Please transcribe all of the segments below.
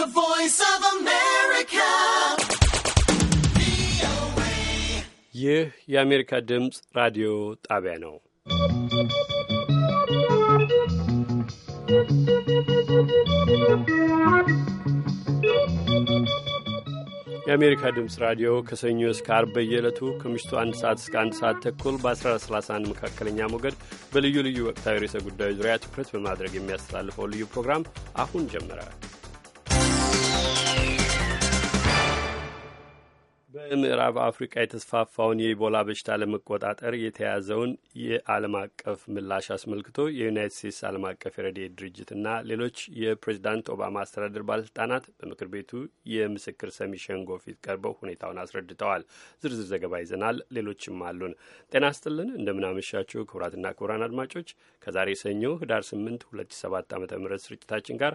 The Voice of America. ይህ የአሜሪካ ድምፅ ራዲዮ ጣቢያ ነው። የአሜሪካ ድምፅ ራዲዮ ከሰኞ እስከ አርብ በየዕለቱ ከምሽቱ አንድ ሰዓት እስከ አንድ ሰዓት ተኩል በ1131 መካከለኛ ሞገድ በልዩ ልዩ ወቅታዊ ርዕሰ ጉዳዮች ዙሪያ ትኩረት በማድረግ የሚያስተላልፈው ልዩ ፕሮግራም አሁን ጀመረ። በምዕራብ አፍሪቃ የተስፋፋውን የኢቦላ በሽታ ለመቆጣጠር የተያዘውን የዓለም አቀፍ ምላሽ አስመልክቶ የዩናይት ስቴትስ ዓለም አቀፍ የረድኤት ድርጅትና ሌሎች የፕሬዚዳንት ኦባማ አስተዳደር ባለስልጣናት በምክር ቤቱ የምስክር ሰሚ ሸንጎ ፊት ቀርበው ሁኔታውን አስረድተዋል። ዝርዝር ዘገባ ይዘናል። ሌሎችም አሉን። ጤና ስጥልን፣ እንደምናመሻችሁ ክቡራትና ክቡራን አድማጮች ከዛሬ ሰኞ ህዳር 8 2007 ዓ ም ስርጭታችን ጋር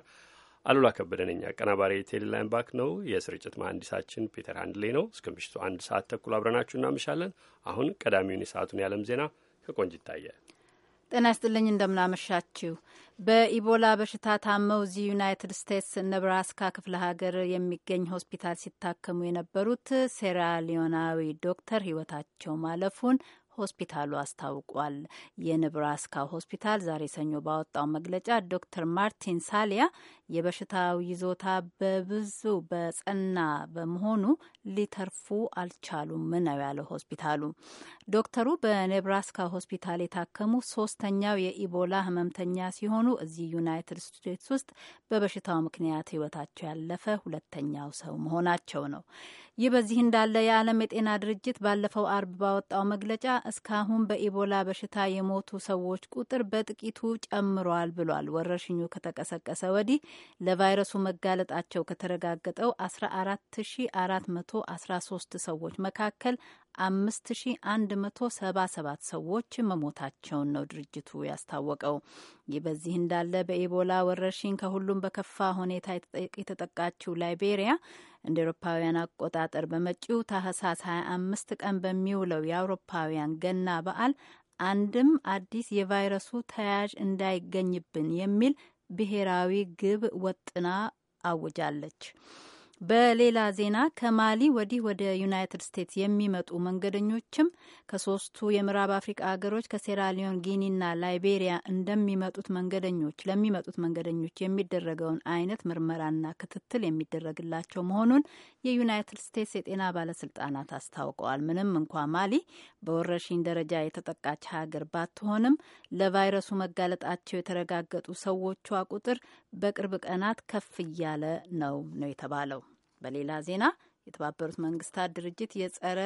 አሉላ ከበደ ነኝ። አቀናባሪ ቴሌላይን ባክ ነው። የስርጭት መሐንዲሳችን ፒተር ሃንድሌ ነው። እስከ ምሽቱ አንድ ሰዓት ተኩል አብረናችሁ እናመሻለን። አሁን ቀዳሚውን የሰዓቱን የዓለም ዜና ከቆንጅ ይታየ። ጤና ይስጥልኝ፣ እንደምናመሻችሁ። በኢቦላ በሽታ ታመው እዚህ ዩናይትድ ስቴትስ ነብራስካ ክፍለ ሀገር የሚገኝ ሆስፒታል ሲታከሙ የነበሩት ሴራሊዮናዊ ዶክተር ህይወታቸው ማለፉን ሆስፒታሉ አስታውቋል። የንብራስካ ሆስፒታል ዛሬ ሰኞ ባወጣው መግለጫ ዶክተር ማርቲን ሳሊያ የበሽታው ይዞታ በብዙ በጸና በመሆኑ ሊተርፉ አልቻሉም ነው ያለው ሆስፒታሉ። ዶክተሩ በኔብራስካ ሆስፒታል የታከሙ ሶስተኛው የኢቦላ ህመምተኛ ሲሆኑ እዚህ ዩናይትድ ስቴትስ ውስጥ በበሽታው ምክንያት ህይወታቸው ያለፈ ሁለተኛው ሰው መሆናቸው ነው። ይህ በዚህ እንዳለ የዓለም የጤና ድርጅት ባለፈው አርብ ባወጣው መግለጫ እስካሁን በኢቦላ በሽታ የሞቱ ሰዎች ቁጥር በጥቂቱ ጨምሯል ብሏል። ወረርሽኙ ከተቀሰቀሰ ወዲህ ለቫይረሱ መጋለጣቸው ከተረጋገጠው 14413 ሰዎች መካከል 5177 ሰዎች መሞታቸውን ነው ድርጅቱ ያስታወቀው። ይህ በዚህ እንዳለ በኢቦላ ወረርሽኝ ከሁሉም በከፋ ሁኔታ የተጠቃችው ላይቤሪያ እንደ ኤሮፓውያን አቆጣጠር በመጪው ታህሳስ 25 ቀን በሚውለው የአውሮፓውያን ገና በዓል አንድም አዲስ የቫይረሱ ተያያዥ እንዳይገኝብን የሚል ብሔራዊ ግብ ወጥና አውጃለች። በሌላ ዜና ከማሊ ወዲህ ወደ ዩናይትድ ስቴትስ የሚመጡ መንገደኞችም ከሶስቱ የምዕራብ አፍሪቃ ሀገሮች ከሴራሊዮን፣ ጊኒና ላይቤሪያ እንደሚመጡት መንገደኞች ለሚመጡት መንገደኞች የሚደረገውን አይነት ምርመራና ክትትል የሚደረግላቸው መሆኑን የዩናይትድ ስቴትስ የጤና ባለስልጣናት አስታውቀዋል። ምንም እንኳ ማሊ በወረርሽኝ ደረጃ የተጠቃች ሀገር ባትሆንም ለቫይረሱ መጋለጣቸው የተረጋገጡ ሰዎቿ ቁጥር በቅርብ ቀናት ከፍ እያለ ነው ነው የተባለው። በሌላ ዜና የተባበሩት መንግስታት ድርጅት የጸረ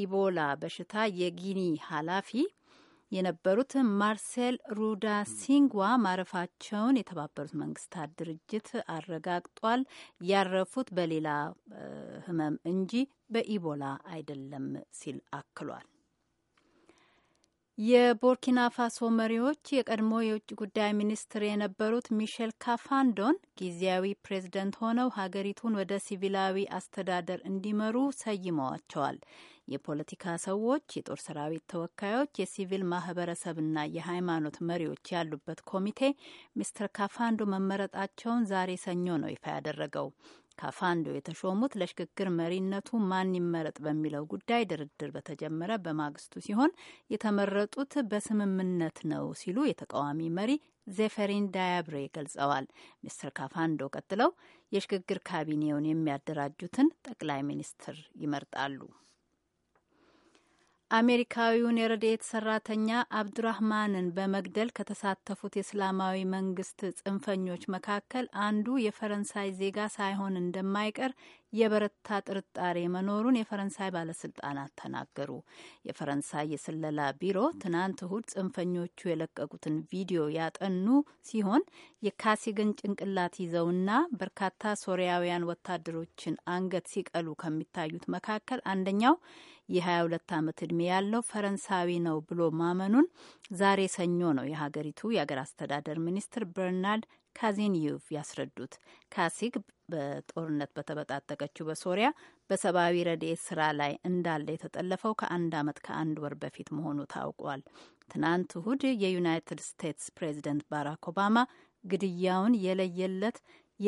ኢቦላ በሽታ የጊኒ ኃላፊ የነበሩት ማርሴል ሩዳ ሲንጓ ማረፋቸውን የተባበሩት መንግስታት ድርጅት አረጋግጧል። ያረፉት በሌላ ህመም እንጂ በኢቦላ አይደለም ሲል አክሏል። የቡርኪና ፋሶ መሪዎች የቀድሞ የውጭ ጉዳይ ሚኒስትር የነበሩት ሚሼል ካፋንዶን ጊዜያዊ ፕሬዝደንት ሆነው ሀገሪቱን ወደ ሲቪላዊ አስተዳደር እንዲመሩ ሰይመዋቸዋል። የፖለቲካ ሰዎች፣ የጦር ሰራዊት ተወካዮች፣ የሲቪል ማህበረሰብና የሃይማኖት መሪዎች ያሉበት ኮሚቴ ሚስተር ካፋንዶ መመረጣቸውን ዛሬ ሰኞ ነው ይፋ ያደረገው። ካፋንዶ የተሾሙት ለሽግግር መሪነቱ ማን ይመረጥ በሚለው ጉዳይ ድርድር በተጀመረ በማግስቱ ሲሆን የተመረጡት በስምምነት ነው ሲሉ የተቃዋሚ መሪ ዜፌሪን ዳያብሬ ገልጸዋል። ሚስተር ካፋንዶ ቀጥለው የሽግግር ካቢኔውን የሚያደራጁትን ጠቅላይ ሚኒስትር ይመርጣሉ። አሜሪካዊውን የረድኤት ሰራተኛ አብዱራህማንን በመግደል ከተሳተፉት የእስላማዊ መንግስት ጽንፈኞች መካከል አንዱ የፈረንሳይ ዜጋ ሳይሆን እንደማይቀር የበረታ ጥርጣሬ መኖሩን የፈረንሳይ ባለስልጣናት ተናገሩ። የፈረንሳይ የስለላ ቢሮ ትናንት እሁድ ጽንፈኞቹ የለቀቁትን ቪዲዮ ያጠኑ ሲሆን የካሲግን ጭንቅላት ይዘውና በርካታ ሶሪያውያን ወታደሮችን አንገት ሲቀሉ ከሚታዩት መካከል አንደኛው የ22 ዓመት ዕድሜ ያለው ፈረንሳዊ ነው ብሎ ማመኑን ዛሬ ሰኞ ነው የሀገሪቱ የአገር አስተዳደር ሚኒስትር በርናርድ ካዜንዩቭ ያስረዱት። ካሲግ በጦርነት በተበጣጠቀችው በሶሪያ በሰብአዊ ረድኤት ስራ ላይ እንዳለ የተጠለፈው ከአንድ ዓመት ከአንድ ወር በፊት መሆኑ ታውቋል። ትናንት እሁድ የዩናይትድ ስቴትስ ፕሬዚደንት ባራክ ኦባማ ግድያውን የለየለት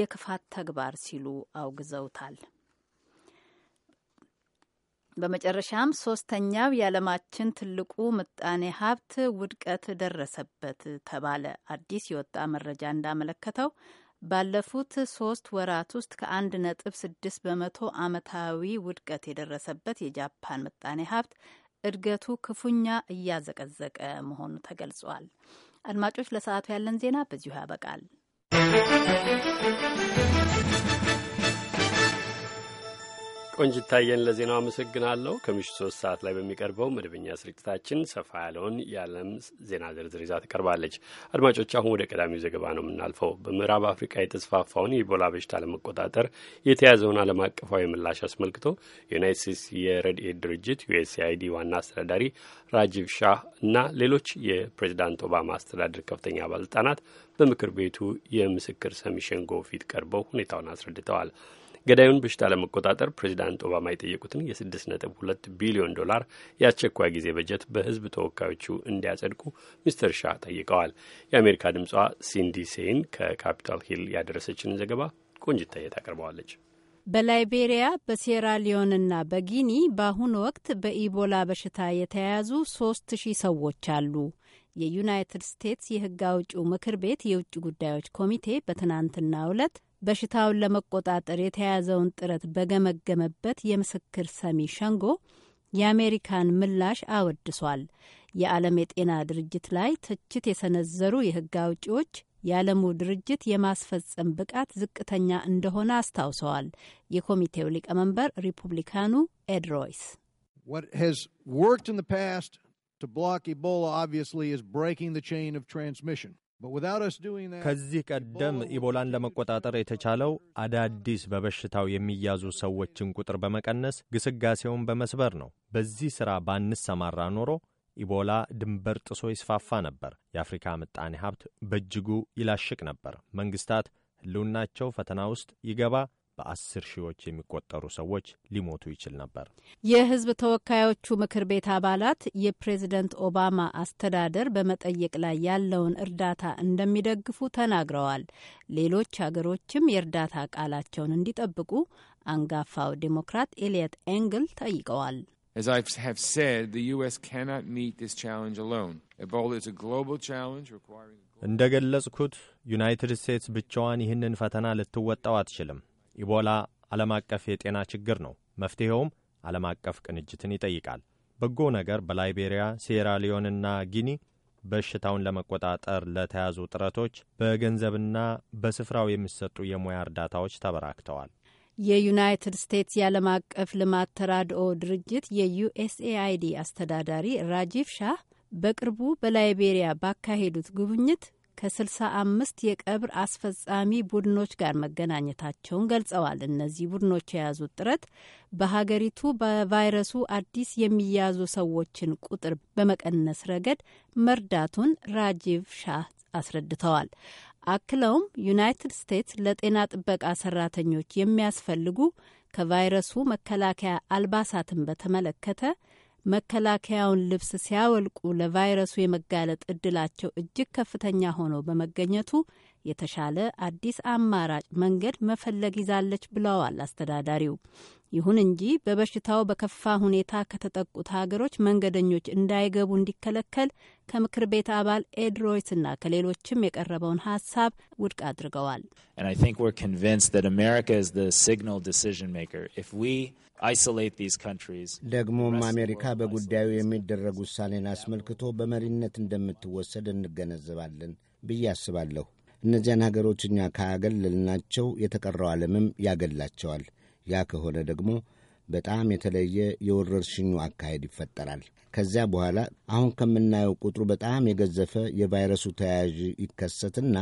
የክፋት ተግባር ሲሉ አውግዘውታል። በመጨረሻም ሶስተኛው የዓለማችን ትልቁ ምጣኔ ሀብት ውድቀት ደረሰበት ተባለ። አዲስ የወጣ መረጃ እንዳመለከተው ባለፉት ሶስት ወራት ውስጥ ከአንድ ነጥብ ስድስት በመቶ አመታዊ ውድቀት የደረሰበት የጃፓን ምጣኔ ሀብት እድገቱ ክፉኛ እያዘቀዘቀ መሆኑ ተገልጿል። አድማጮች፣ ለሰዓቱ ያለን ዜና በዚሁ ያበቃል። ቆንጅታየን ለዜናው አመሰግናለሁ። ከምሽቱ ሶስት ሰዓት ላይ በሚቀርበው መደበኛ ስርጭታችን ሰፋ ያለውን የዓለም ዜና ዝርዝር ይዛ ትቀርባለች። አድማጮች፣ አሁን ወደ ቀዳሚው ዘገባ ነው የምናልፈው። በምዕራብ አፍሪካ የተስፋፋውን የኢቦላ በሽታ ለመቆጣጠር የተያዘውን ዓለም አቀፋዊ ምላሽ አስመልክቶ የዩናይት ስቴትስ የረድኤት ድርጅት ዩኤስአይዲ ዋና አስተዳዳሪ ራጂቭ ሻህ እና ሌሎች የፕሬዚዳንት ኦባማ አስተዳደር ከፍተኛ ባለስልጣናት በምክር ቤቱ የምስክር ሰሚ ሸንጎ ፊት ቀርበው ሁኔታውን አስረድተዋል። ገዳዩን በሽታ ለመቆጣጠር ፕሬዚዳንት ኦባማ የጠየቁትን የስድስት ነጥብ ሁለት ቢሊዮን ዶላር የአስቸኳይ ጊዜ በጀት በህዝብ ተወካዮቹ እንዲያጸድቁ ሚስተር ሻ ጠይቀዋል። የአሜሪካ ድምጿ ሲንዲ ሴይን ከካፒታል ሂል ያደረሰችን ዘገባ ቆንጅታ አቅርበዋለች። በላይቤሪያ በሴራሊዮንና በጊኒ በአሁኑ ወቅት በኢቦላ በሽታ የተያያዙ ሶስት ሺህ ሰዎች አሉ። የዩናይትድ ስቴትስ የህግ አውጪው ምክር ቤት የውጭ ጉዳዮች ኮሚቴ በትናንትናው ዕለት በሽታውን ለመቆጣጠር የተያዘውን ጥረት በገመገመበት የምስክር ሰሚ ሸንጎ የአሜሪካን ምላሽ አወድሷል። የዓለም የጤና ድርጅት ላይ ትችት የሰነዘሩ የሕግ አውጪዎች የዓለሙ ድርጅት የማስፈጸም ብቃት ዝቅተኛ እንደሆነ አስታውሰዋል። የኮሚቴው ሊቀመንበር ሪፑብሊካኑ ኤድ ሮይስ ከዚህ ቀደም ኢቦላን ለመቆጣጠር የተቻለው አዳዲስ በበሽታው የሚያዙ ሰዎችን ቁጥር በመቀነስ ግስጋሴውን በመስበር ነው። በዚህ ሥራ ባንሰማራ ኖሮ ኢቦላ ድንበር ጥሶ ይስፋፋ ነበር። የአፍሪካ ምጣኔ ሀብት በእጅጉ ይላሽቅ ነበር። መንግሥታት ሕልውናቸው ፈተና ውስጥ ይገባ በአስር ሺዎች የሚቆጠሩ ሰዎች ሊሞቱ ይችል ነበር። የህዝብ ተወካዮቹ ምክር ቤት አባላት የፕሬዝደንት ኦባማ አስተዳደር በመጠየቅ ላይ ያለውን እርዳታ እንደሚደግፉ ተናግረዋል። ሌሎች ሀገሮችም የእርዳታ ቃላቸውን እንዲጠብቁ አንጋፋው ዴሞክራት ኤልየት ኤንግል ጠይቀዋል። As I have said, the U.S. cannot meet this challenge alone. Ebola is a global challenge requiring. እንደ ገለጽኩት ዩናይትድ ስቴትስ ብቻዋን ይህንን ፈተና ልትወጣው አትችልም። ኢቦላ ዓለም አቀፍ የጤና ችግር ነው። መፍትሔውም ዓለም አቀፍ ቅንጅትን ይጠይቃል። በጎ ነገር በላይቤሪያ፣ ሴራሊዮንና ጊኒ በሽታውን ለመቆጣጠር ለተያዙ ጥረቶች በገንዘብና በስፍራው የሚሰጡ የሙያ እርዳታዎች ተበራክተዋል። የዩናይትድ ስቴትስ የዓለም አቀፍ ልማት ተራድኦ ድርጅት የዩኤስኤአይዲ አስተዳዳሪ ራጂፍ ሻህ በቅርቡ በላይቤሪያ ባካሄዱት ጉብኝት ከ65 የቀብር አስፈጻሚ ቡድኖች ጋር መገናኘታቸውን ገልጸዋል። እነዚህ ቡድኖች የያዙት ጥረት በሀገሪቱ በቫይረሱ አዲስ የሚያዙ ሰዎችን ቁጥር በመቀነስ ረገድ መርዳቱን ራጂቭ ሻህ አስረድተዋል። አክለውም ዩናይትድ ስቴትስ ለጤና ጥበቃ ሰራተኞች የሚያስፈልጉ ከቫይረሱ መከላከያ አልባሳትን በተመለከተ መከላከያውን ልብስ ሲያወልቁ ለቫይረሱ የመጋለጥ እድላቸው እጅግ ከፍተኛ ሆኖ በመገኘቱ የተሻለ አዲስ አማራጭ መንገድ መፈለግ ይዛለች ብለዋል አስተዳዳሪው። ይሁን እንጂ በበሽታው በከፋ ሁኔታ ከተጠቁት ሀገሮች መንገደኞች እንዳይገቡ እንዲከለከል ከምክር ቤት አባል ኤድ ና ከሌሎችም የቀረበውን ሀሳብ ውድቅ አድርገዋል። ደግሞም አሜሪካ በጉዳዩ የሚደረግ ውሳኔን አስመልክቶ በመሪነት እንደምትወሰድ እንገነዘባለን ብዬ አስባለሁ። እነዚያን ሀገሮች እኛ ካገለልናቸው የተቀረው ዓለምም ያገላቸዋል። ያ ከሆነ ደግሞ በጣም የተለየ የወረርሽኙ አካሄድ ይፈጠራል። ከዚያ በኋላ አሁን ከምናየው ቁጥሩ በጣም የገዘፈ የቫይረሱ ተያያዥ ይከሰትና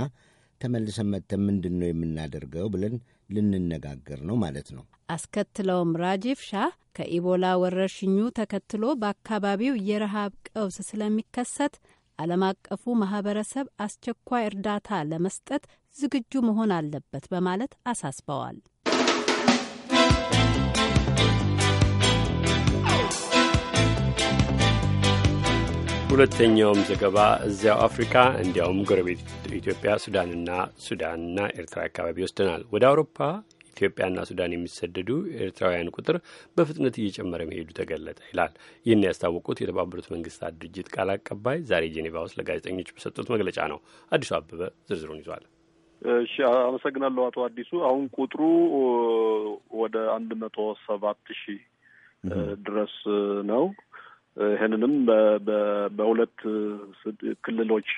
ተመልሰን መጥተን ምንድን ነው የምናደርገው ብለን ልንነጋገር ነው ማለት ነው። አስከትለውም ራጂፍ ሻህ ከኢቦላ ወረርሽኙ ተከትሎ በአካባቢው የረሃብ ቀውስ ስለሚከሰት ዓለም አቀፉ ማህበረሰብ አስቸኳይ እርዳታ ለመስጠት ዝግጁ መሆን አለበት በማለት አሳስበዋል። ሁለተኛውም ዘገባ እዚያው አፍሪካ እንዲያውም ጎረቤት ኢትዮጵያ ሱዳንና ሱዳንና ኤርትራ አካባቢ ይወስደናል። ወደ አውሮፓ ኢትዮጵያና ሱዳን የሚሰደዱ ኤርትራውያን ቁጥር በፍጥነት እየጨመረ መሄዱ ተገለጠ ይላል። ይህን ያስታወቁት የተባበሩት መንግስታት ድርጅት ቃል አቀባይ ዛሬ ጄኔቫ ውስጥ ለጋዜጠኞች በሰጡት መግለጫ ነው። አዲሱ አበበ ዝርዝሩን ይዟል። እሺ አመሰግናለሁ አቶ አዲሱ። አሁን ቁጥሩ ወደ አንድ መቶ ሰባት ሺህ ድረስ ነው። ይህንንም በሁለት ክልሎች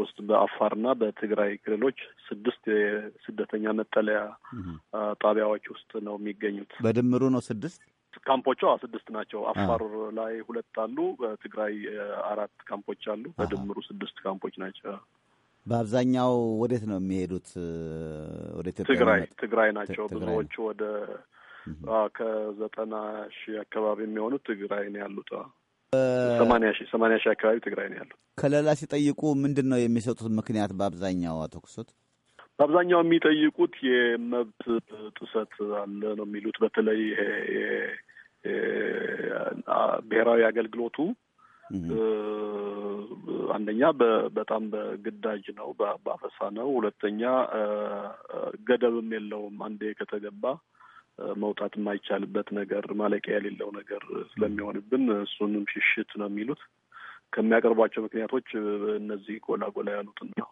ውስጥ በአፋርና በትግራይ ክልሎች ስድስት የስደተኛ መጠለያ ጣቢያዎች ውስጥ ነው የሚገኙት። በድምሩ ነው ስድስት ካምፖቹ ስድስት ናቸው። አፋር ላይ ሁለት አሉ፣ በትግራይ አራት ካምፖች አሉ። በድምሩ ስድስት ካምፖች ናቸው። በአብዛኛው ወዴት ነው የሚሄዱት? ወደ ትግራይ ትግራይ ናቸው ብዙዎቹ። ወደ ከዘጠና ሺህ አካባቢ የሚሆኑት ትግራይ ነው ያሉት። ሰማንያ ሺህ ሰማንያ ሺህ አካባቢ ትግራይ ነው ያለው። ከለላ ሲጠይቁ ምንድን ነው የሚሰጡት ምክንያት? በአብዛኛው አቶ ክሱት በአብዛኛው የሚጠይቁት የመብት ጥሰት አለ ነው የሚሉት። በተለይ ብሔራዊ አገልግሎቱ አንደኛ በጣም በግዳጅ ነው፣ በአፈሳ ነው። ሁለተኛ ገደብም የለውም። አንዴ ከተገባ መውጣት የማይቻልበት ነገር ማለቂያ የሌለው ነገር ስለሚሆንብን እሱንም ሽሽት ነው የሚሉት። ከሚያቀርቧቸው ምክንያቶች እነዚህ ጎላ ጎላ ያሉትን ነው።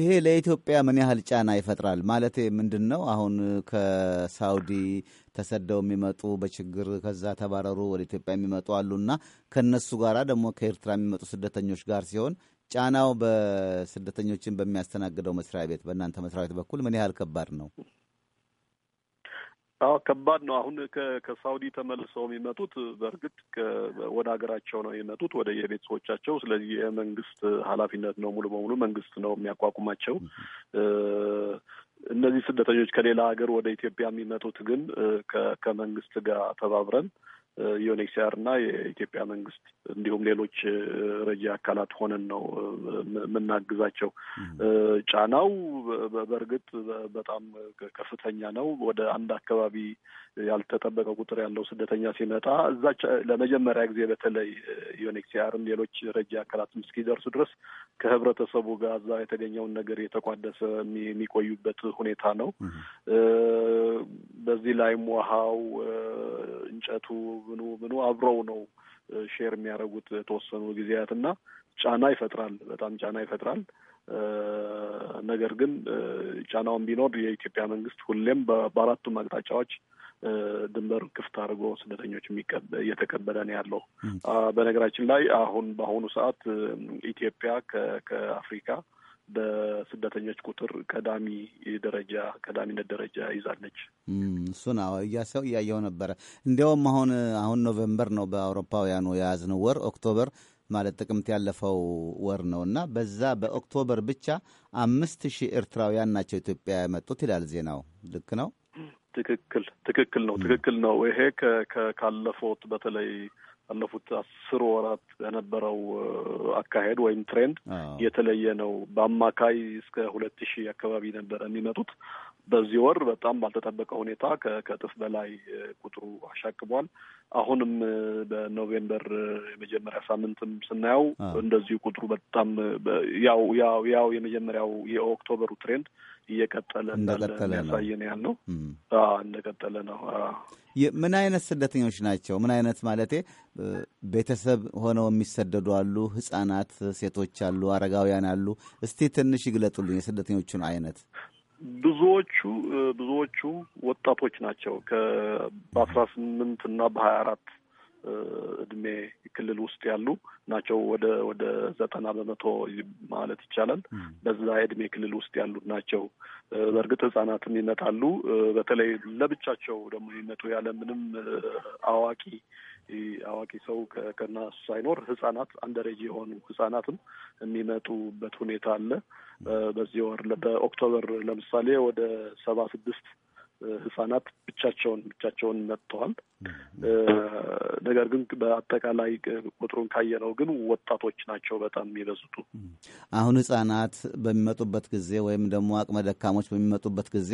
ይሄ ለኢትዮጵያ ምን ያህል ጫና ይፈጥራል? ማለት ምንድን ነው? አሁን ከሳውዲ ተሰደው የሚመጡ በችግር ከዛ ተባረሩ ወደ ኢትዮጵያ የሚመጡ አሉና ከእነሱ ጋራ ደግሞ ከኤርትራ የሚመጡ ስደተኞች ጋር ሲሆን ጫናው በስደተኞችን በሚያስተናግደው መስሪያ ቤት በእናንተ መስሪያ ቤት በኩል ምን ያህል ከባድ ነው? አዎ ከባድ ነው። አሁን ከሳውዲ ተመልሰው የሚመጡት በእርግጥ ወደ ሀገራቸው ነው የሚመጡት ወደ የቤተሰቦቻቸው። ስለዚህ የመንግስት ኃላፊነት ነው ሙሉ በሙሉ መንግስት ነው የሚያቋቁማቸው። እነዚህ ስደተኞች ከሌላ ሀገር ወደ ኢትዮጵያ የሚመጡት ግን ከመንግስት ጋር ተባብረን ዩኤንኤችሲአር እና የኢትዮጵያ መንግስት እንዲሁም ሌሎች ረጂ አካላት ሆነን ነው የምናግዛቸው። ጫናው በእርግጥ በጣም ከፍተኛ ነው። ወደ አንድ አካባቢ ያልተጠበቀ ቁጥር ያለው ስደተኛ ሲመጣ እዛ ለመጀመሪያ ጊዜ በተለይ ዩኤንኤችሲአርም ሌሎች ረጂ አካላትም እስኪደርሱ ድረስ ከህብረተሰቡ ጋር እዛ የተገኘውን ነገር የተቋደሰ የሚቆዩበት ሁኔታ ነው። በዚህ ላይም ውሃው፣ እንጨቱ ምኑ ምኑ አብረው ነው ሼር የሚያደርጉት የተወሰኑ ጊዜያት እና ጫና ይፈጥራል፣ በጣም ጫና ይፈጥራል። ነገር ግን ጫናውን ቢኖር የኢትዮጵያ መንግስት ሁሌም በአራቱም አቅጣጫዎች ድንበር ክፍት አድርጎ ስደተኞች እየተቀበለ ነው ያለው። በነገራችን ላይ አሁን በአሁኑ ሰዓት ኢትዮጵያ ከአፍሪካ በስደተኞች ቁጥር ቀዳሚ ደረጃ ቀዳሚነት ደረጃ ይዛለች። እሱን እያሰው እያየው ነበረ። እንዲያውም አሁን አሁን ኖቬምበር ነው በአውሮፓውያኑ የያዝነው ወር ኦክቶበር ማለት ጥቅምት ያለፈው ወር ነው እና በዛ በኦክቶበር ብቻ አምስት ሺህ ኤርትራውያን ናቸው ኢትዮጵያ የመጡት ይላል ዜናው። ልክ ነው። ትክክል ትክክል ነው ትክክል ነው። ይሄ ካለፉት በተለይ ባለፉት አስር ወራት በነበረው አካሄድ ወይም ትሬንድ የተለየ ነው። በአማካይ እስከ ሁለት ሺህ አካባቢ ነበረ የሚመጡት። በዚህ ወር በጣም ባልተጠበቀ ሁኔታ ከእጥፍ በላይ ቁጥሩ አሻቅቧል። አሁንም በኖቬምበር የመጀመሪያ ሳምንትም ስናየው እንደዚሁ ቁጥሩ በጣም ያው ያው ያው የመጀመሪያው የኦክቶበሩ ትሬንድ እየቀጠለ እንዳለ ያሳየን ያል ነው። እንደቀጠለ ነው። ምን አይነት ስደተኞች ናቸው? ምን አይነት ማለቴ ቤተሰብ ሆነው የሚሰደዱ አሉ፣ ህጻናት፣ ሴቶች አሉ፣ አረጋውያን አሉ። እስቲ ትንሽ ይግለጡልኝ የስደተኞቹን አይነት። ብዙዎቹ ብዙዎቹ ወጣቶች ናቸው። በአስራ ስምንት እና በሀያ አራት እድሜ ክልል ውስጥ ያሉ ናቸው። ወደ ወደ ዘጠና በመቶ ማለት ይቻላል በዛ የእድሜ ክልል ውስጥ ያሉት ናቸው። በእርግጥ ህጻናትም ይመጣሉ። በተለይ ለብቻቸው ደግሞ ይመጡ ያለ ምንም አዋቂ አዋቂ ሰው ከና ሳይኖር ህጻናት አንደረጅ የሆኑ ህጻናትም የሚመጡበት ሁኔታ አለ። በዚህ ወር በኦክቶበር ለምሳሌ ወደ ሰባ ስድስት ህጻናት ብቻቸውን ብቻቸውን መጥተዋል። ነገር ግን በአጠቃላይ ቁጥሩን ካየነው ግን ወጣቶች ናቸው በጣም የሚበዙቱ። አሁን ህጻናት በሚመጡበት ጊዜ ወይም ደግሞ አቅመ ደካሞች በሚመጡበት ጊዜ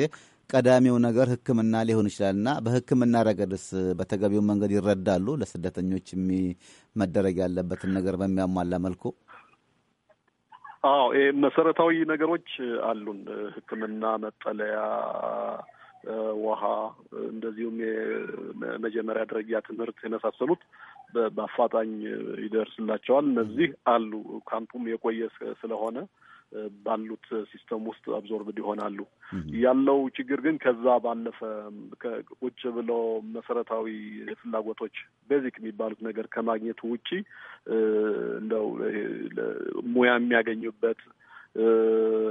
ቀዳሚው ነገር ሕክምና ሊሆን ይችላል እና በሕክምና ረገድስ በተገቢው መንገድ ይረዳሉ ለስደተኞች መደረግ ያለበትን ነገር በሚያሟላ መልኩ አዎ መሰረታዊ ነገሮች አሉን። ህክምና መጠለያ፣ ውሃ፣ እንደዚሁም የመጀመሪያ ደረጃ ትምህርት የመሳሰሉት በአፋጣኝ ይደርስላቸዋል። እነዚህ አሉ። ካምፑም የቆየ ስለሆነ ባሉት ሲስተም ውስጥ አብዞርብድ ይሆናሉ። ያለው ችግር ግን ከዛ ባለፈ ውጭ ብሎ መሰረታዊ ፍላጎቶች ቤዚክ የሚባሉት ነገር ከማግኘቱ ውጪ እንደው ሙያ የሚያገኙበት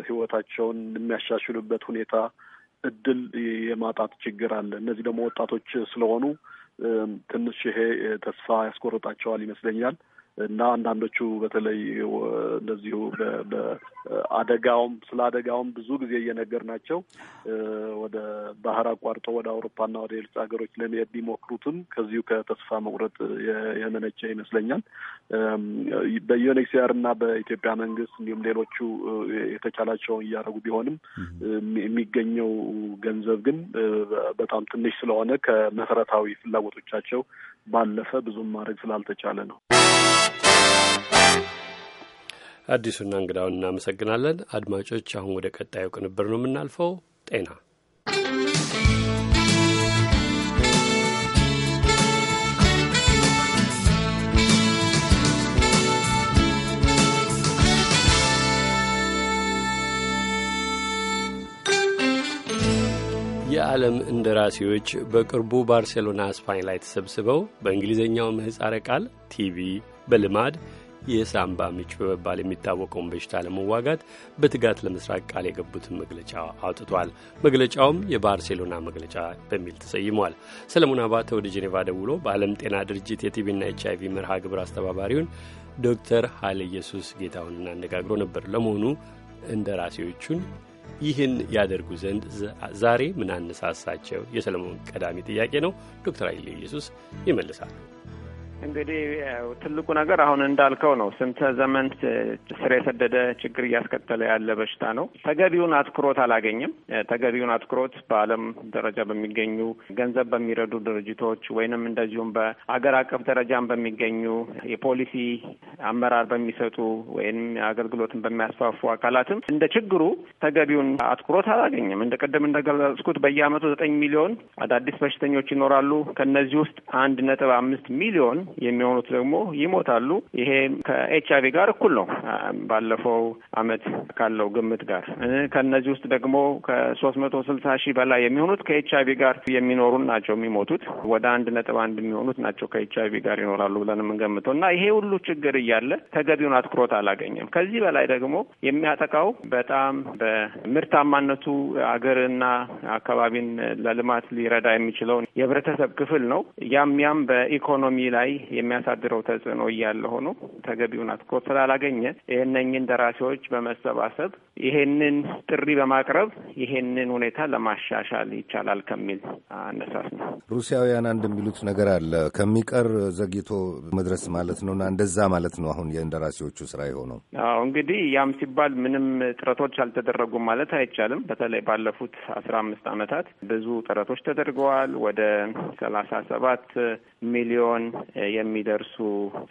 ህይወታቸውን የሚያሻሽሉበት ሁኔታ እድል የማጣት ችግር አለ። እነዚህ ደግሞ ወጣቶች ስለሆኑ ትንሽ ይሄ ተስፋ ያስቆርጣቸዋል ይመስለኛል። እና አንዳንዶቹ በተለይ እንደዚሁ በአደጋውም ስለ አደጋውም ብዙ ጊዜ እየነገር ናቸው ወደ ባህር አቋርጦ ወደ አውሮፓና ወደ ሌሎች ሀገሮች ለመሄድ ቢሞክሩትም ከዚሁ ከተስፋ መቁረጥ የመነጨ ይመስለኛል። በዩኤንኤችሲአር እና በኢትዮጵያ መንግስት እንዲሁም ሌሎቹ የተቻላቸውን እያደረጉ ቢሆንም የሚገኘው ገንዘብ ግን በጣም ትንሽ ስለሆነ ከመሰረታዊ ፍላጎቶቻቸው ባለፈ ብዙም ማድረግ ስላልተቻለ ነው። አዲሱና እንግዳውን እናመሰግናለን። አድማጮች፣ አሁን ወደ ቀጣዩ ቅንብር ነው የምናልፈው ጤና የዓለም እንደራሴዎች በቅርቡ ባርሴሎና ስፓኝ ላይ ተሰብስበው በእንግሊዝኛው ምህፃረ ቃል ቲቪ በልማድ የሳምባ ምች በመባል የሚታወቀውን በሽታ ለመዋጋት በትጋት ለመስራት ቃል የገቡትን መግለጫ አውጥቷል። መግለጫውም የባርሴሎና መግለጫ በሚል ተሰይሟል። ሰለሞን አባተ ወደ ጄኔቫ ደውሎ በዓለም ጤና ድርጅት የቲቪና ኤች አይቪ መርሃ ግብር አስተባባሪውን ዶክተር ኃይለ ኢየሱስ ጌታሁንን አነጋግሮ ነበር። ለመሆኑ እንደራሴዎቹን ይህን ያደርጉ ዘንድ ዛሬ ምን አነሳሳቸው? የሰለሞን ቀዳሚ ጥያቄ ነው። ዶክተር አይሌ ኢየሱስ ይመልሳሉ። እንግዲህ ትልቁ ነገር አሁን እንዳልከው ነው። ስንተ ዘመን ስር የሰደደ ችግር እያስከተለ ያለ በሽታ ነው። ተገቢውን አትኩሮት አላገኘም። ተገቢውን አትኩሮት በዓለም ደረጃ በሚገኙ ገንዘብ በሚረዱ ድርጅቶች ወይንም እንደዚሁም በአገር አቀፍ ደረጃም በሚገኙ የፖሊሲ አመራር በሚሰጡ ወይም አገልግሎትን በሚያስፋፉ አካላትም እንደ ችግሩ ተገቢውን አትኩሮት አላገኘም። እንደ ቅድም እንደገለጽኩት በየዓመቱ ዘጠኝ ሚሊዮን አዳዲስ በሽተኞች ይኖራሉ። ከእነዚህ ውስጥ አንድ ነጥብ አምስት ሚሊዮን የሚሆኑት ደግሞ ይሞታሉ። ይሄ ከኤች አይቪ ጋር እኩል ነው ባለፈው አመት ካለው ግምት ጋር። ከእነዚህ ውስጥ ደግሞ ከሶስት መቶ ስልሳ ሺህ በላይ የሚሆኑት ከኤች አይቪ ጋር የሚኖሩን ናቸው የሚሞቱት። ወደ አንድ ነጥብ አንድ የሚሆኑት ናቸው ከኤች አይቪ ጋር ይኖራሉ ብለን የምንገምተው እና ይሄ ሁሉ ችግር እያለ ተገቢውን አትኩሮት አላገኘም። ከዚህ በላይ ደግሞ የሚያጠቃው በጣም በምርታማነቱ አገርና አካባቢን ለልማት ሊረዳ የሚችለውን የህብረተሰብ ክፍል ነው። ያም ያም በኢኮኖሚ ላይ የሚያሳድረው ተጽዕኖ እያለ ሆኖ ተገቢውን አትኩሮት ስላላገኘ ይህነኝን ደራሲዎች በመሰባሰብ ይሄንን ጥሪ በማቅረብ ይሄንን ሁኔታ ለማሻሻል ይቻላል ከሚል አነሳስ ነው። ሩሲያውያን አንድ የሚሉት ነገር አለ ከሚቀር ዘግይቶ መድረስ ማለት ነው እና እንደዛ ማለት ነው አሁን የደራሲዎቹ ስራ የሆነው። አዎ እንግዲህ ያም ሲባል ምንም ጥረቶች አልተደረጉም ማለት አይቻልም። በተለይ ባለፉት አስራ አምስት ዓመታት ብዙ ጥረቶች ተደርገዋል። ወደ ሰላሳ ሰባት ሚሊዮን የሚደርሱ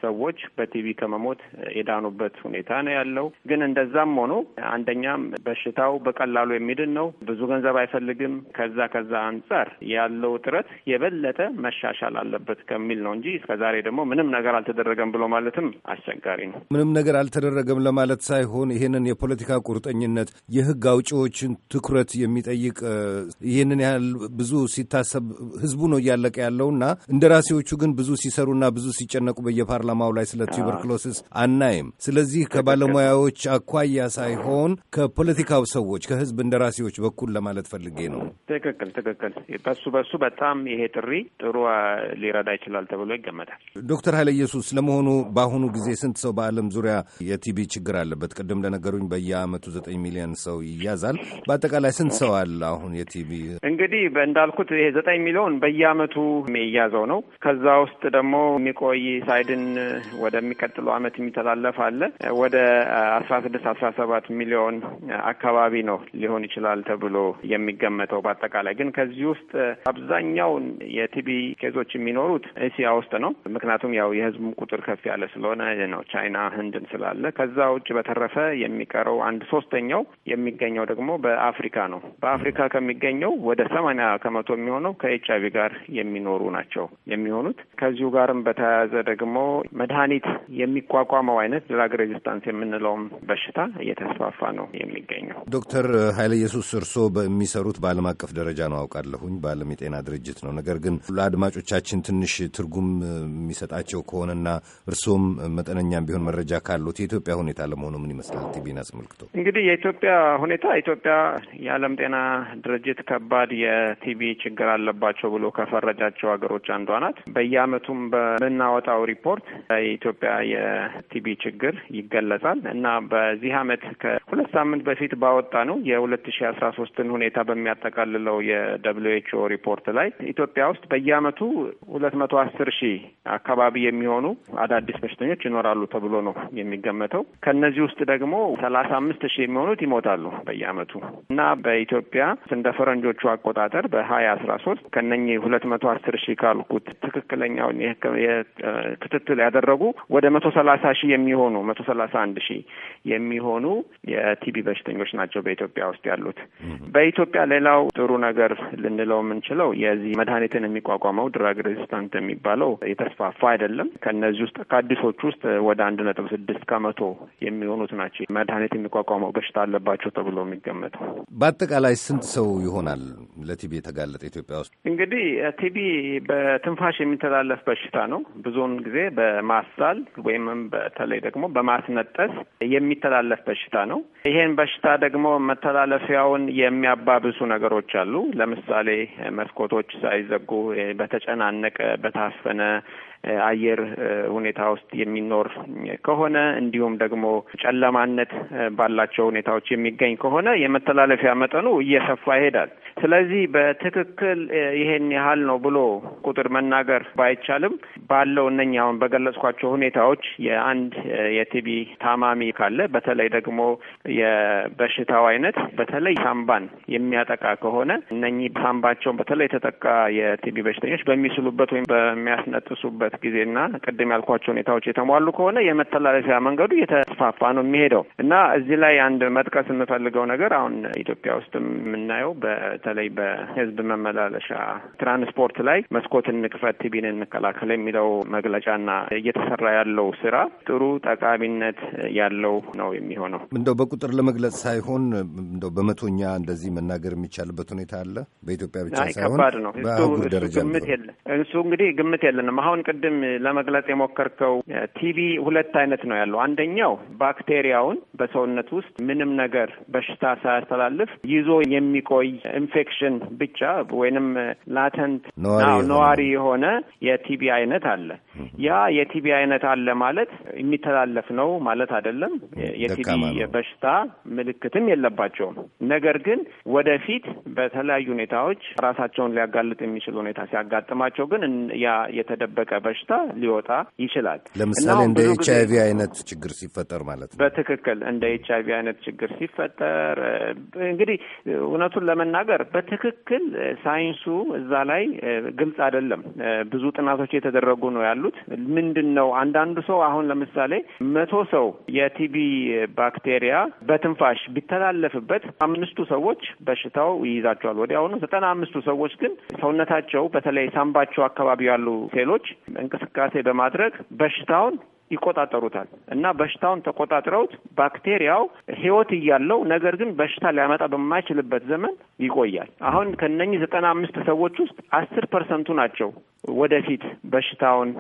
ሰዎች በቲቪ ከመሞት የዳኑበት ሁኔታ ነው ያለው። ግን እንደዛም ሆኖ አንደኛም በሽታው በቀላሉ የሚድን ነው፣ ብዙ ገንዘብ አይፈልግም። ከዛ ከዛ አንጻር ያለው ጥረት የበለጠ መሻሻል አለበት ከሚል ነው እንጂ ዛሬ ደግሞ ምንም ነገር አልተደረገም ብሎ ማለትም አስቸጋሪ ነው። ምንም ነገር አልተደረገም ለማለት ሳይሆን ይህንን የፖለቲካ ቁርጠኝነት የህግ አውጪዎችን ትኩረት የሚጠይቅ ይህንን ያህል ብዙ ሲታሰብ ህዝቡ ነው እያለቀ ያለውና እንደራሴዎቹ ግን ብዙ ሲሰሩ ሲናገሩና ብዙ ሲጨነቁ በየፓርላማው ላይ ስለ ቱበርክሎሲስ አናይም። ስለዚህ ከባለሙያዎች አኳያ ሳይሆን ከፖለቲካው ሰዎች ከህዝብ እንደራሴዎች በኩል ለማለት ፈልጌ ነው። ትክክል ትክክል። በሱ በሱ በጣም ይሄ ጥሪ ጥሩ ሊረዳ ይችላል ተብሎ ይገመታል። ዶክተር ኃይለ ኢየሱስ ለመሆኑ በአሁኑ ጊዜ ስንት ሰው በዓለም ዙሪያ የቲቢ ችግር አለበት? ቅድም እንደነገሩኝ በየአመቱ ዘጠኝ ሚሊዮን ሰው ይያዛል። በአጠቃላይ ስንት ሰው አለ አሁን የቲቢ? እንግዲህ እንዳልኩት ይሄ ዘጠኝ ሚሊዮን በየአመቱ የሚያዘው ነው። ከዛ ውስጥ ደግሞ የሚቆይ ሳይድን ወደሚቀጥለው ዓመት የሚተላለፍ አለ። ወደ አስራ ስድስት አስራ ሰባት ሚሊዮን አካባቢ ነው ሊሆን ይችላል ተብሎ የሚገመተው። በአጠቃላይ ግን ከዚህ ውስጥ አብዛኛውን የቲቢ ኬዞች የሚኖሩት እስያ ውስጥ ነው። ምክንያቱም ያው የህዝቡ ቁጥር ከፍ ያለ ስለሆነ ነው ቻይና ህንድን ስላለ። ከዛ ውጭ በተረፈ የሚቀረው አንድ ሶስተኛው የሚገኘው ደግሞ በአፍሪካ ነው። በአፍሪካ ከሚገኘው ወደ ሰማንያ ከመቶ የሚሆነው ከኤች አይቪ ጋር የሚኖሩ ናቸው የሚሆኑት ከዚሁ ጋርም በተያያዘ ደግሞ መድኃኒት የሚቋቋመው አይነት ድራግ ሬዚስታንስ የምንለውም በሽታ እየተስፋፋ ነው የሚገኘው። ዶክተር ኃይለ ኢየሱስ እርስዎ በሚሰሩት በዓለም አቀፍ ደረጃ ነው አውቃለሁኝ፣ በዓለም የጤና ድርጅት ነው። ነገር ግን ለአድማጮቻችን ትንሽ ትርጉም የሚሰጣቸው ከሆነና እርስዎም መጠነኛም ቢሆን መረጃ ካሉት የኢትዮጵያ ሁኔታ ለመሆኑ ምን ይመስላል? ቲቢን አስመልክቶ እንግዲህ የኢትዮጵያ ሁኔታ ኢትዮጵያ የዓለም ጤና ድርጅት ከባድ የቲቢ ችግር አለባቸው ብሎ ከፈረጃቸው ሀገሮች አንዷ ናት። በየአመቱም በ በምናወጣው ሪፖርት የኢትዮጵያ የቲቢ ችግር ይገለጻል እና በዚህ አመት ከሁለት ሳምንት በፊት ባወጣ ነው የሁለት ሺ አስራ ሶስትን ሁኔታ በሚያጠቃልለው የደብሊው ኤች ኦ ሪፖርት ላይ ኢትዮጵያ ውስጥ በየአመቱ ሁለት መቶ አስር ሺህ አካባቢ የሚሆኑ አዳዲስ በሽተኞች ይኖራሉ ተብሎ ነው የሚገመተው። ከእነዚህ ውስጥ ደግሞ ሰላሳ አምስት ሺህ የሚሆኑት ይሞታሉ በየአመቱ እና በኢትዮጵያ እንደ ፈረንጆቹ አቆጣጠር በሀያ አስራ ሶስት ከነኚህ ሁለት መቶ አስር ሺህ ካልኩት ትክክለኛውን ክትትል ያደረጉ ወደ መቶ ሰላሳ ሺህ የሚሆኑ መቶ ሰላሳ አንድ ሺህ የሚሆኑ የቲቢ በሽተኞች ናቸው በኢትዮጵያ ውስጥ ያሉት። በኢትዮጵያ ሌላው ጥሩ ነገር ልንለው የምንችለው የዚህ መድኃኒትን የሚቋቋመው ድራግ ሬዚስታንት የሚባለው የተስፋፋ አይደለም። ከእነዚህ ውስጥ ከአዲሶቹ ውስጥ ወደ አንድ ነጥብ ስድስት ከመቶ የሚሆኑት ናቸው መድኃኒት የሚቋቋመው በሽታ አለባቸው ተብሎ የሚገመተው። በአጠቃላይ ስንት ሰው ይሆናል ለቲቢ የተጋለጠ ኢትዮጵያ ውስጥ? እንግዲህ ቲቢ በትንፋሽ የሚተላለፍ በሽታ ነው። ብዙውን ጊዜ በማሳል ወይም በተለይ ደግሞ በማስነጠስ የሚተላለፍ በሽታ ነው። ይሄን በሽታ ደግሞ መተላለፊያውን የሚያባብሱ ነገሮች አሉ። ለምሳሌ መስኮቶች ሳይዘጉ በተጨናነቀ በታፈነ አየር ሁኔታ ውስጥ የሚኖር ከሆነ እንዲሁም ደግሞ ጨለማነት ባላቸው ሁኔታዎች የሚገኝ ከሆነ የመተላለፊያ መጠኑ እየሰፋ ይሄዳል። ስለዚህ በትክክል ይሄን ያህል ነው ብሎ ቁጥር መናገር ባይቻልም ባለው እነኛ አሁን በገለጽኳቸው ሁኔታዎች የአንድ የቲቢ ታማሚ ካለ በተለይ ደግሞ የበሽታው አይነት በተለይ ሳምባን የሚያጠቃ ከሆነ እነኚህ ሳምባቸውን በተለይ የተጠቃ የቲቢ በሽተኞች በሚስሉበት ወይም በሚያስነጥሱበት ጊዜና ቅድም ያልኳቸው ሁኔታዎች የተሟሉ ከሆነ የመተላለፊያ መንገዱ የተስፋፋ ነው የሚሄደው እና እዚህ ላይ አንድ መጥቀስ የምፈልገው ነገር አሁን ኢትዮጵያ ውስጥ የምናየው በተለይ በህዝብ መመላለሻ ትራንስፖርት ላይ መስኮት እንክፈት ቲቢን እንከላከል የሚለው መግለጫና እየተሰራ ያለው ስራ ጥሩ ጠቃሚነት ያለው ነው የሚሆነው። እንደው በቁጥር ለመግለጽ ሳይሆን እንደው በመቶኛ እንደዚህ መናገር የሚቻልበት ሁኔታ አለ። በኢትዮጵያ ብቻ ሳይሆን ከባድ ነው። ግምት የለ እሱ እንግዲህ ግምት የለንም። አሁን ቅድም ለመግለጽ የሞከርከው ቲቪ ሁለት አይነት ነው ያለው። አንደኛው ባክቴሪያውን በሰውነት ውስጥ ምንም ነገር በሽታ ሳያስተላልፍ ይዞ የሚቆይ ኢንፌክሽን ብቻ ወይንም ላተንት ነዋሪ የሆነ የቲቪ አይነት አይነት አለ። ያ የቲቢ አይነት አለ ማለት የሚተላለፍ ነው ማለት አይደለም። የቲቢ በሽታ ምልክትም የለባቸውም። ነገር ግን ወደፊት በተለያዩ ሁኔታዎች ራሳቸውን ሊያጋልጥ የሚችል ሁኔታ ሲያጋጥማቸው ግን ያ የተደበቀ በሽታ ሊወጣ ይችላል። ለምሳሌ እንደ ኤች አይ ቪ አይነት ችግር ሲፈጠር ማለት ነው። በትክክል እንደ ኤች አይ ቪ አይነት ችግር ሲፈጠር እንግዲህ እውነቱን ለመናገር በትክክል ሳይንሱ እዛ ላይ ግልጽ አይደለም። ብዙ ጥናቶች የተደ እያደረጉ ነው ያሉት። ምንድን ነው አንዳንዱ ሰው አሁን ለምሳሌ መቶ ሰው የቲቢ ባክቴሪያ በትንፋሽ ቢተላለፍበት አምስቱ ሰዎች በሽታው ይይዛቸዋል ወዲያውኑ። ዘጠና አምስቱ ሰዎች ግን ሰውነታቸው በተለይ ሳምባቸው አካባቢ ያሉ ሴሎች እንቅስቃሴ በማድረግ በሽታውን ይቆጣጠሩታል እና በሽታውን ተቆጣጥረውት ባክቴሪያው ህይወት እያለው ነገር ግን በሽታ ሊያመጣ በማይችልበት ዘመን ይቆያል። አሁን ከነኚህ ዘጠና አምስት ሰዎች ውስጥ አስር ፐርሰንቱ ናቸው ወደፊት በሽታውን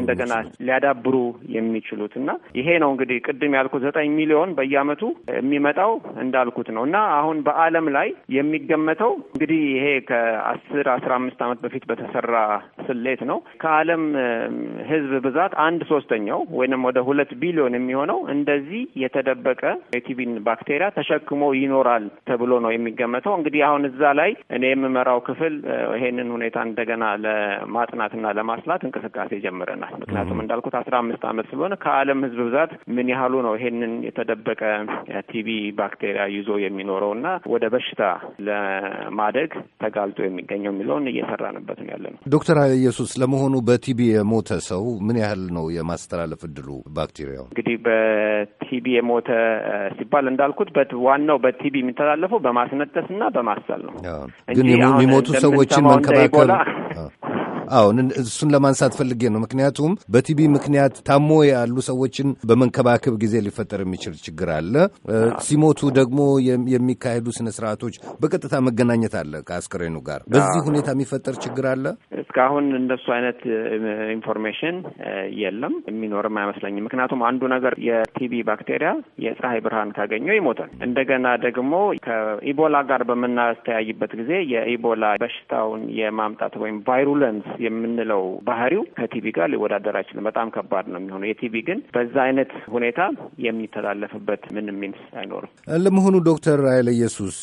እንደገና ሊያዳብሩ የሚችሉት እና ይሄ ነው እንግዲህ ቅድም ያልኩት ዘጠኝ ሚሊዮን በየአመቱ የሚመጣው እንዳልኩት ነው እና አሁን በዓለም ላይ የሚገመተው እንግዲህ ይሄ ከአስር አስራ አምስት አመት በፊት በተሰራ ስሌት ነው ከዓለም ህዝብ ብዛት አንድ ሶስት ሶስተኛው ወይንም ወደ ሁለት ቢሊዮን የሚሆነው እንደዚህ የተደበቀ የቲቢን ባክቴሪያ ተሸክሞ ይኖራል ተብሎ ነው የሚገመተው። እንግዲህ አሁን እዛ ላይ እኔ የምመራው ክፍል ይሄንን ሁኔታ እንደገና ለማጥናትና ለማስላት እንቅስቃሴ ጀምረናል። ምክንያቱም እንዳልኩት አስራ አምስት ዓመት ስለሆነ ከዓለም ህዝብ ብዛት ምን ያህሉ ነው ይሄንን የተደበቀ ቲቢ ባክቴሪያ ይዞ የሚኖረው እና ወደ በሽታ ለማደግ ተጋልጦ የሚገኘው የሚለውን እየሰራንበት ነው ያለ ነው። ዶክተር ኢየሱስ ለመሆኑ በቲቢ የሞተ ሰው ምን ያህል ነው የማ የማስተላለፍ እድሉ ባክቴሪያው እንግዲህ በቲቢ የሞተ ሲባል እንዳልኩት ዋናው በቲቢ የሚተላለፈው በማስነጠስ እና በማሰል ነው። ግን የሚሞቱ ሰዎችን መንከባከብ አሁን እሱን ለማንሳት ፈልጌ ነው። ምክንያቱም በቲቢ ምክንያት ታሞ ያሉ ሰዎችን በመንከባከብ ጊዜ ሊፈጠር የሚችል ችግር አለ። ሲሞቱ ደግሞ የሚካሄዱ ስነ ስርዓቶች በቀጥታ መገናኘት አለ ከአስክሬኑ ጋር። በዚህ ሁኔታ የሚፈጠር ችግር አለ። እስካሁን እንደሱ አይነት ኢንፎርሜሽን የለም፣ የሚኖርም አይመስለኝም። ምክንያቱም አንዱ ነገር የቲቢ ባክቴሪያ የፀሐይ ብርሃን ካገኘው ይሞታል። እንደገና ደግሞ ከኢቦላ ጋር በምናስተያይበት ጊዜ የኢቦላ በሽታውን የማምጣት ወይም ቫይሩለንስ የምንለው ባህሪው ከቲቪ ጋር ሊወዳደር አይችልም። በጣም ከባድ ነው የሚሆነው። የቲቪ ግን በዛ አይነት ሁኔታ የሚተላለፍበት ምንም ሚንስ አይኖርም። ለመሆኑ ዶክተር ኃይለ ኢየሱስ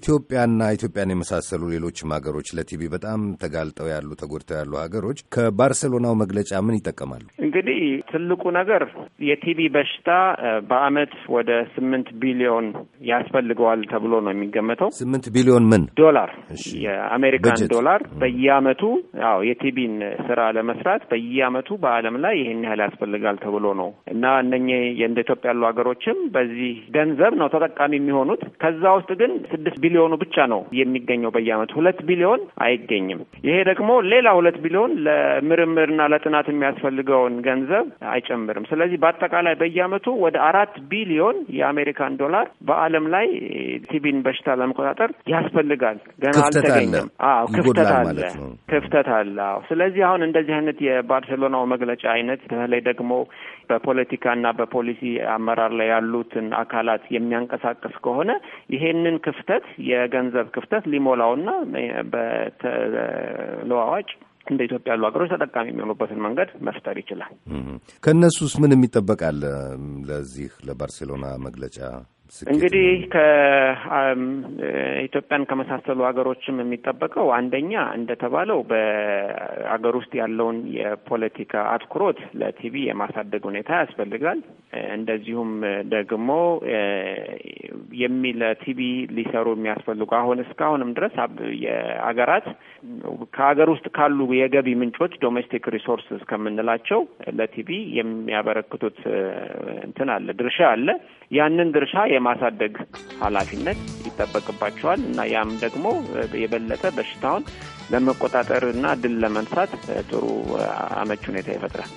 ኢትዮጵያና ኢትዮጵያን የመሳሰሉ ሌሎችም ሀገሮች ለቲቪ በጣም ተጋልጠው ያሉ ተጎድተው ያሉ ሀገሮች ከባርሴሎናው መግለጫ ምን ይጠቀማሉ? እንግዲህ ትልቁ ነገር የቲቪ በሽታ በአመት ወደ ስምንት ቢሊዮን ያስፈልገዋል ተብሎ ነው የሚገመተው። ስምንት ቢሊዮን ምን ዶላር የአሜሪካን ዶላር በየአመቱ አዎ የተሰራው የቲቢን ስራ ለመስራት በየአመቱ በዓለም ላይ ይህን ያህል ያስፈልጋል ተብሎ ነው እና እነኚህ የእንደ ኢትዮጵያ ያሉ ሀገሮችም በዚህ ገንዘብ ነው ተጠቃሚ የሚሆኑት። ከዛ ውስጥ ግን ስድስት ቢሊዮኑ ብቻ ነው የሚገኘው በየአመቱ ሁለት ቢሊዮን አይገኝም። ይሄ ደግሞ ሌላ ሁለት ቢሊዮን ለምርምርና ለጥናት የሚያስፈልገውን ገንዘብ አይጨምርም። ስለዚህ በአጠቃላይ በየአመቱ ወደ አራት ቢሊዮን የአሜሪካን ዶላር በአለም ላይ ቲቢን በሽታ ለመቆጣጠር ያስፈልጋል። ገና አልተገኘም። ክፍተት አለ፣ ክፍተት አለ። የሚበላው። ስለዚህ አሁን እንደዚህ አይነት የባርሴሎናው መግለጫ አይነት በተለይ ደግሞ በፖለቲካና በፖሊሲ አመራር ላይ ያሉትን አካላት የሚያንቀሳቅስ ከሆነ ይሄንን ክፍተት የገንዘብ ክፍተት ሊሞላውና በተለዋዋጭ እንደ ኢትዮጵያ ያሉ ሀገሮች ተጠቃሚ የሚሆኑበትን መንገድ መፍጠር ይችላል። ከእነሱስ ምንም ይጠበቃል ለዚህ ለባርሴሎና መግለጫ እንግዲህ ከኢትዮጵያን ከመሳሰሉ ሀገሮችም የሚጠበቀው አንደኛ እንደተባለው በአገር ውስጥ ያለውን የፖለቲካ አትኩሮት ለቲቪ የማሳደግ ሁኔታ ያስፈልጋል። እንደዚሁም ደግሞ የሚለ ቲቪ ሊሰሩ የሚያስፈልጉ አሁን እስካሁንም ድረስ የሀገራት ከሀገር ውስጥ ካሉ የገቢ ምንጮች ዶሜስቲክ ሪሶርስስ ከምንላቸው ለቲቪ የሚያበረክቱት እንትን አለ ድርሻ አለ ያንን ድርሻ የማሳደግ ኃላፊነት ይጠበቅባቸዋል እና ያም ደግሞ የበለጠ በሽታውን ለመቆጣጠር እና ድል ለመንሳት ጥሩ አመች ሁኔታ ይፈጥራል።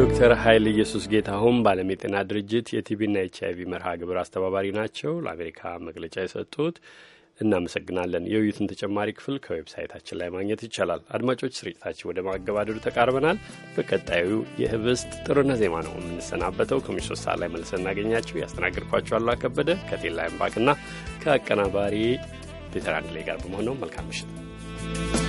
ዶክተር ኃይለ ኢየሱስ ጌታሁን በዓለም የጤና ድርጅት የቲቢና ኤች አይቪ መርሃ ግብር አስተባባሪ ናቸው። ለአሜሪካ መግለጫ የሰጡት እናመሰግናለን። የውይይቱን ተጨማሪ ክፍል ከዌብሳይታችን ላይ ማግኘት ይቻላል። አድማጮች፣ ስርጭታችን ወደ ማገባደዱ ተቃርበናል። በቀጣዩ የህብስት ጥሩነ ዜማ ነው የምንሰናበተው። ከምሽቱ ሶስት ሰዓት ላይ መልሰን እናገኛችሁ። ያስተናግድኳችኋሉ ከበደ ከቴላ ይምባቅና ከአቀናባሪ ፒተር ላይ ጋር በመሆን ነው። መልካም ምሽት።